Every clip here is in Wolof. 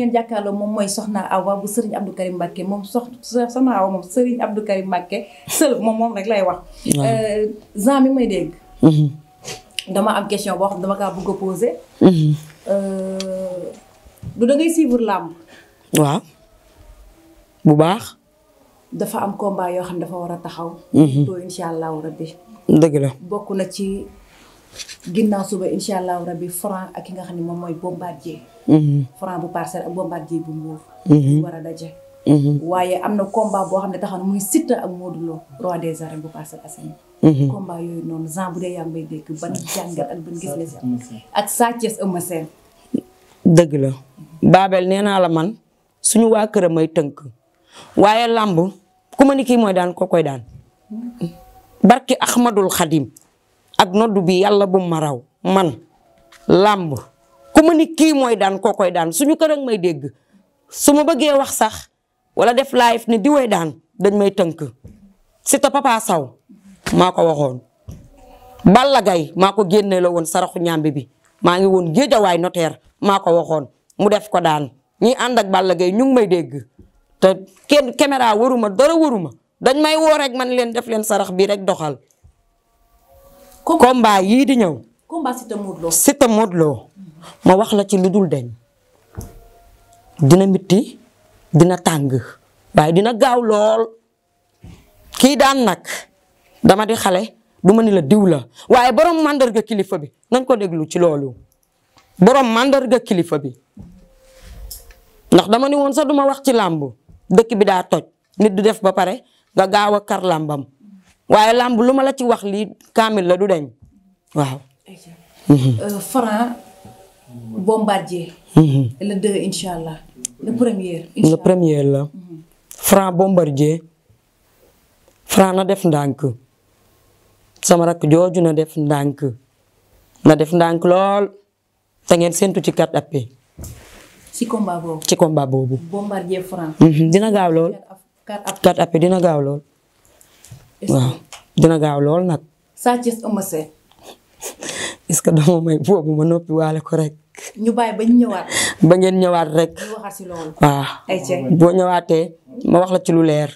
ngeen jàkkaarloo moom mooy na Soxna Awa bu Serigne Abdou Karim Mbacké moom sox sama aw moom Serigne Abdou Karim Mbacké sël moom moom rek lay wax. Euh, Jean mi may dégg. Mm-hmm. dama am question boo xam dama kaa bëgg a poser. lu mm-hmm. euh, da ngay suivre làmb. waaw bu baax. dafa am combat yoo xam dafa war a taxaw. to mm-hmm. incha allahu rabbi. dëgg la bokk na ci. ginnaaw suba incha allahu rabi ak ki nga xam ne moom mooy bombardier. Mhm. franc bu parcelle ak bombardier bu muur. Mhm. war daje. Mhm. waaye am na combat boo xam ne taxaw na muy Siteu ak Modou Lo roi des arènes bu Parcelles ak ban gis-gis ak Sa Thiès Eumeu Sène. dëgg la Babel nee naa la man suñu waa këram may tënk waaye làmb ku ma kii mooy daan koo koy daan mm. barki Ahmadul Xadim. ak noddu bi yàlla bu ma raw man làmb ku ma ni kii mooy daan koo koy daan suñu kër ak may dégg su ma bëggee wax sax wala def live ne di daan dañ may tënk Siteu Papa Sow maa ko waxoon Balla Gaye maa ko génnee la woon saraxu ñàmbi bi maa ngi woon géejawaay notaire maa ko waxoon mu def ko daan ñi ànd ak Balla gay ñu may dégg te kenn caméra waruma dara waruma dañ may woo rek man leen def leen sarax bi rek doxal combat yii di ñëw. combat Siteu ma wax la ci lu dul deñ dina mitti dina tàng waaye dina gaaw lool kii daan nag dama di xale du ma ni la diwla waaye boroom màndarga kilifa bi nañ ko déglu ci loolu borom mandarga kilifa bi ndax dama ni woon sax duma wax ci làmb dëkk bi daa toj nit du def ba pare nga gaaw a kar làmbam waaye làmb lu ma la ci wax lii kaamil la du deñ waaw. Euh, Franc Bombardier. Mhm. allah. premier. le premier la. Mhm. Franc Bombardier Franc na def ndànk sama rakk jooju na def ndànk na def ndànk lool te ngeen séntu ci kat appe ci combat boobu ci combat boobu. Mhm, dina gaaw lool. kat appe dina gaaw lool. waaw dina gaaw lool nag. Sa Thiès Eumeu ce que dama may boobu ma noppi waale ko rek. ñu bàyyi ba ñëwaat. ba ngeen ñëwaat rek. ñu si loolu. waaw. boo ñëwaatee ma wax la ci lu leer.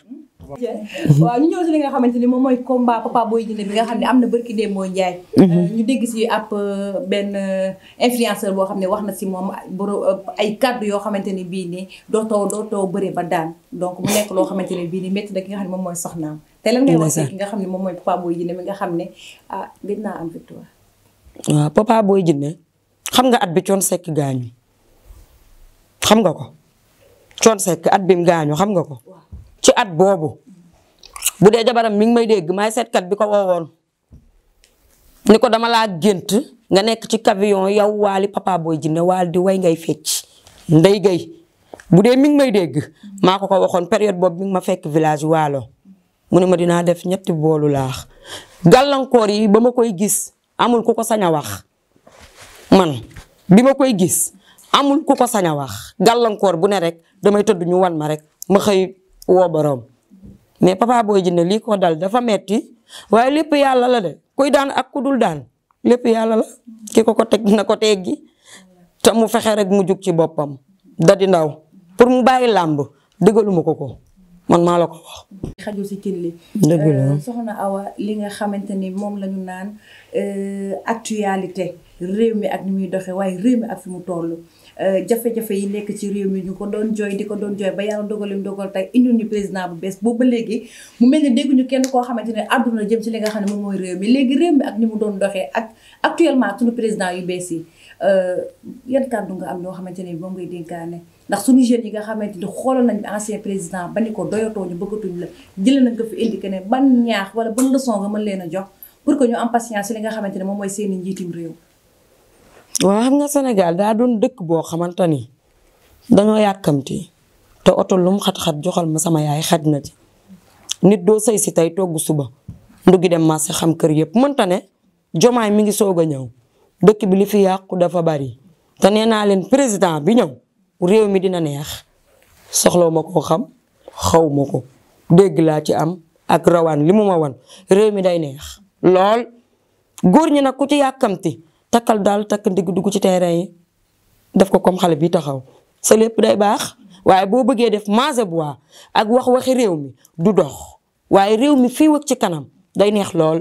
waaw ñu ñëw si li nga xamante ni moom mooy combat Papa Boy Djiné bi nga xam ne am na barki Demba Ndiaye. Mhm. ñu dégg si ab euh, benn euh, influenceur boo xam ne wax na si moom euh, ay kaddu yoo xamante ni bii nii dootoo dootoo bëree ba daan donc mu nekk loo xamante ni bii nii métti na xam ne moom mooy soxnaam. te lan ngay wax ki nga xam ne moom mooy Papa Boy Djiné xam ne ah gën waaw Papa Boy Djiné xam nga at bi coon sekk gaañu xam nga ko coon sekk at bim gaañu xam nga ko. ci at boobu bu dee jabaram mi ngi may dégg maay seetkat bi ko woowoon ni ko dama laa gént nga nekk ci camion yow waali papa booy jinne waal di way ngay fecc ndey gay bu dee mi ngi may dégg maa ko ko waxoon période boobu mi ngi ma fekk village waalo mu ne ma dinaa def ñetti boolu laax gàllankoor yi ba ma koy gis amul ku ko saña wax man bi ma koy gis amul ku ko sañ a wax gàllankoor bu ne rek damay tëdd ñu wan ma rek ma xëy woo borom mais papa booy jinne lii ko dal dafa metti waaye lépp yàlla la de kuy daan ak kudul daan lépp yàlla la ki ko ko teg na ko teggi te mu fexe rek mu jug ci boppam dadi ndaw pour mu bàyyi làmb dëggaluma ko ko man maa la ko wax. si kër li. dëgg la euh, Awa li nga xamante ni moom lañu ñu naan euh, actualité réew mi ak ni muy doxee waaye réew mi ak fi mu toll. Euh, jafe-jafe yi nekk ci réew mi ñu ko doon jooy di ko doon jooy ba yàlla dogalim dogal tey indi ñu président bu bees boobu ba léegi mu mel ni dégguñu kenn koo xamante ne àdduna jëm ci li nga xam ne moom mooy réew mi léegi réew mi ak ni mu doon doxee ak actuellement suñu président yu bees yi euh, yan kàddu nga am yoo xamante ne moom ngay dénkaane ndax suñu jeunes yi nga xamante ni xoolal nañ ancien président ba ni ko doyatoo ñu bëggatuñ la jëlee nañ ko fi indi ne ban ñaax wala ban leçon nga mën leen a jox pour que ñu am patience li nga xamante ne moom mooy seen i njiitum réew waa xam nga Sénégal daa doon dëkk boo xamante ni dañoo yàkkamti te oto lum xat-xat joxal ma sama yaay xaj na ci nit doo sëy si tey togg suba nduggi dem marché xam kër yëpp mënta ne jomaay mi ngi soog a ñëw dëkk bi li fi yàqu dafa bari te nee naa leen président bi ñëw réew mi dina neex soxlaw ma koo xam xaw ma ko dégg laa ci am ak rawaan li mu ma wan réew mi day neex lool góor ñi nag ku ci yàkkamti takkal daal takk ndigg dugg ci terrain yi def ko comme xale bi taxaw sa lépp day baax waaye boo bëggee def manger bois ak wax waxi réew mi du dox waaye réew mi fii wëg ci kanam day neex lool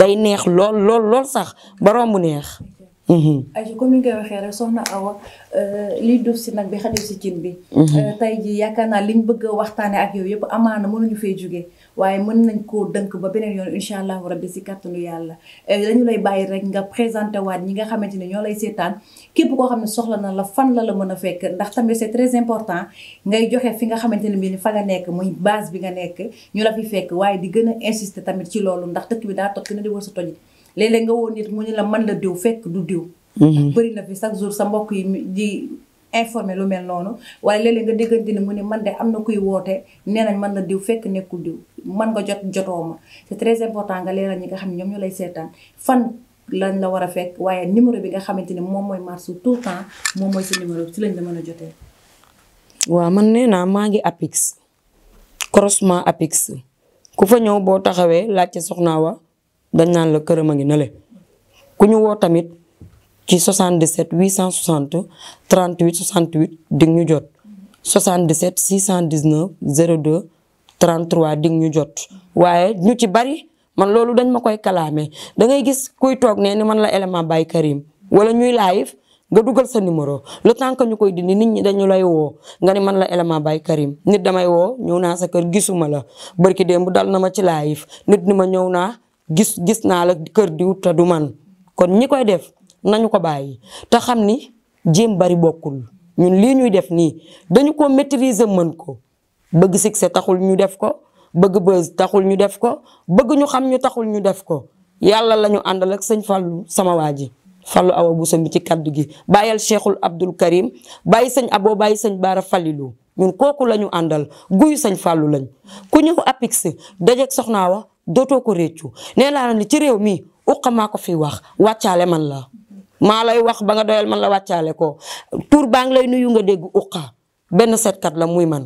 day neex lool lool lool sax ba romb neex Uhuh. aji comme ni nga waxee rek soxna Awa euh, liy duuf si nag bi xajul si cin bi. Uhuh. Euh, tey jii yaakaar naa liñ bëgg a ak yow yëpp amaana mënuñu fee jógee waaye mën nañ koo dënk ba beneen yoon incha allahu rabbi si kàttanu yàlla euh, dañu lay bàyyi rek nga présenté waat ñi nga xamante ne ñoo lay seetaan képp koo xam ne soxla na la fan la la mën a fekk ndax tamit très important ngay joxe fi nga xamante ne bii ni fa nga nekk muy base bi nga nekk ñu la fi fekk waaye di gën a insister tamit ci loolu ndax dëkk bi daa toj gën a di wër sa léeg nga woo nit mu ñu la man la diw fekk du diw mhm. bëri na fi chaque jour sa mbokk yi di informé lu mel noonu waaye léeg-léeg nga déggante ni ne man de am na kuy woote nee nañ man la diw fekk nekkul diw man nga jot jotoo ma c'est très important ñi nga xam ne ñoom ñu lay seetaan fan lañ la war a fekk waaye numéro bi nga xamante ni moom mooy marche tout le temps moom mooy sa numéro ci lañ la mën a jotee waaw man nee naa maa ngi apix croisement apix ku fa ñëw boo taxawee laajte soxnaa wa dañ naan la këram a ngi nële ku ñu woo tamit ci 77 860 38 68 di ñu jot 77 619 02 33 digg ñu jot waaye ñu ci bari man loolu dañ ma koy kalaame da ngay gis kuy toog ne ni man la élément Baye Karim wala ñuy live nga dugal sa numéro le temps que ñu koy dindi nit ñi dañu lay woo nga ni man la élément Baye Karim nit damay woo ñëw naa sa kër gisuma la barki démb dal na ma ci live nit ni ma ñëw naa gis gis naa la kër diw te du man kon ñi koy def nañu ko bàyyi te xam ni jéem bari bokkul ñun lii ñuy def nii dañu ko maîtriser mën ko bëgg succès taxul ñu def ko bëgg taxul ñu def ko bëgg ñu xam ñu taxul ñu def ko yàlla lañu àndal ak sëñ Fallou sama waa ji Fallou Awa bu mi ci kaddu gi bàyyal Cheikhul Abdul Karim bàyyi sëñ aboo bàyyi sëñ Baara Falilou ñun kooku la ñu àndal guyu sëñ Fallou lañ ku ñëw apix dajeeg soxnaa wa dootoo ko réccu nee naa ne ci réew mi uqa maa ko fi wax wàccaale man la maa lay wax ba nga doyal man la wàccaale ko tur baa ngi lay nuyu nga dégg uqa benn setkat la muy man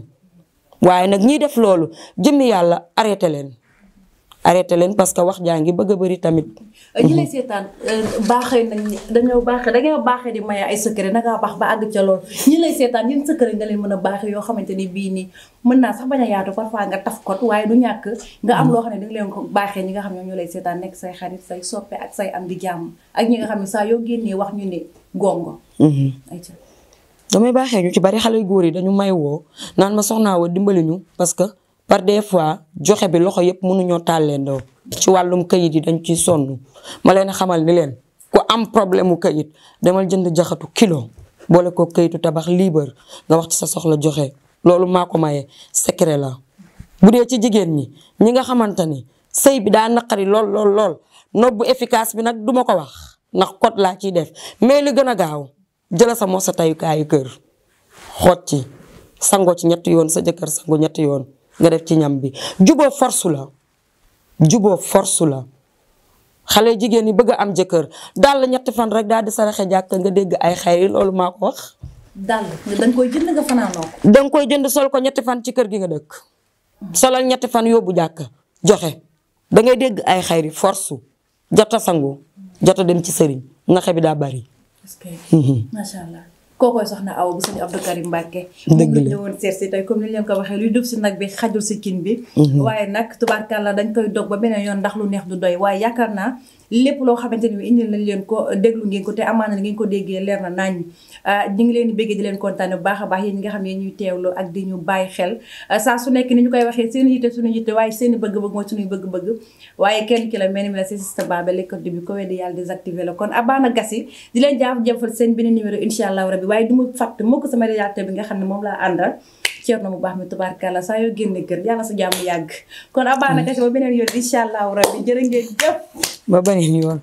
waaye nag ñiy def loolu jëmmi yàlla arrêté leen arrêté leen parce que wax jaa ngi bëgg a bëri tamit. Euh, ñi lay seetaan euh, baaxee nañ dañoo da ngay baaxee di maye ay secret dangaa baax ba àgg ca lool ñi lay seetaan yéen secret nga leen mën a baaxee yoo xamante ni bii nii mën naa sax bañ a yaatu parfois nga taf kot waaye du ñàkk nga am loo xam ne da leen ko baaxee ñi nga xam ne ñoo lay seetaan nekk say xarit say soppe ak say am di jàmm ak ñi nga xam ne saa yoo génnee wax ñu ne gongo. Mhm. ayca damay baaxee ñu ci bari xale góor yi dañu may woo naan ma soxnaa woo dimbali ñu parce que par des fois joxe bi loxo yëpp mënuñoo tàlleendoo ci wàllum kayit yi dañ ciy sonn ma leen xamal ni leen ku am problème mu kayit demal jënd jaxatu kilo boole ko kayitu tabax libre nga wax ci sa soxla joxe loolu maa ko maye secret la. bu dee ci jigéen ñi ñi nga xamante ni sëy bi daa naqari lool lool lool nobbu efficace bi nag duma ko wax ndax kot laa ciy def mais li gën a gaaw jëla sa mos sa tayukaayu kër xoot ci sango ci ñetti yoon sa jëkkër sango ñetti yoon. nga def ci ñam bi juboo force la juboo force la xale jigéen ñi bëgg a am jëkkër dàll ñetti fan rek daal di saraxe jàkka nga dégg ay xayri loolu maa ko wax. dàll koy jënd danga koy jënd sol ko ñetti fan ci kër gi nga dëkk. solal ñetti fan yóbbu jàkk joxe dangay dégg ay xayri force jota sangu jota dem ci sëriñ naxe bi daa bari. kookooy soxna aw bu suñu Abdou Karim Mbacke moom lañ ñëwoon seet si tey comme ni leen ko waxee luy dugg si nag bi xajul si kin bi mhm. waaye nag tubaarkàlla dañ koy dog ba beneen yoon ndax lu neex du doy waaye yaakaar naa lépp loo xamante ni indil nañ leen ko déglu ngeen ko te amaana ngeen ko déggee leer na naañ ah, ngi leen di béggee di leen kontaane bu baax a baax yéen nga xam ne ñuy teewlu ak di ñu bàyyi xel ah, saa su nekk ni ñu koy waxee seen yitte suñu yitte waaye seen bëgg-bëgg mooy suñuy bëgg-bëgg waaye kenn ki la mel ni la si sista Babel l'école bi ko weddi yàlla désactivé la kon Abana Gassi di leen jaaf jëfal seen beneen numéro incha allah rabi waaye du ma sama réalisateur bi nga xam ne moom laa àndal ceer na mu baax mi tubaarkàlla saa yoo génne kër yàlla sa jàmm yàgg kon abaa naka si ba beneen yoon incha allahu rabbi jërë ngeen jëf ba beneen yoon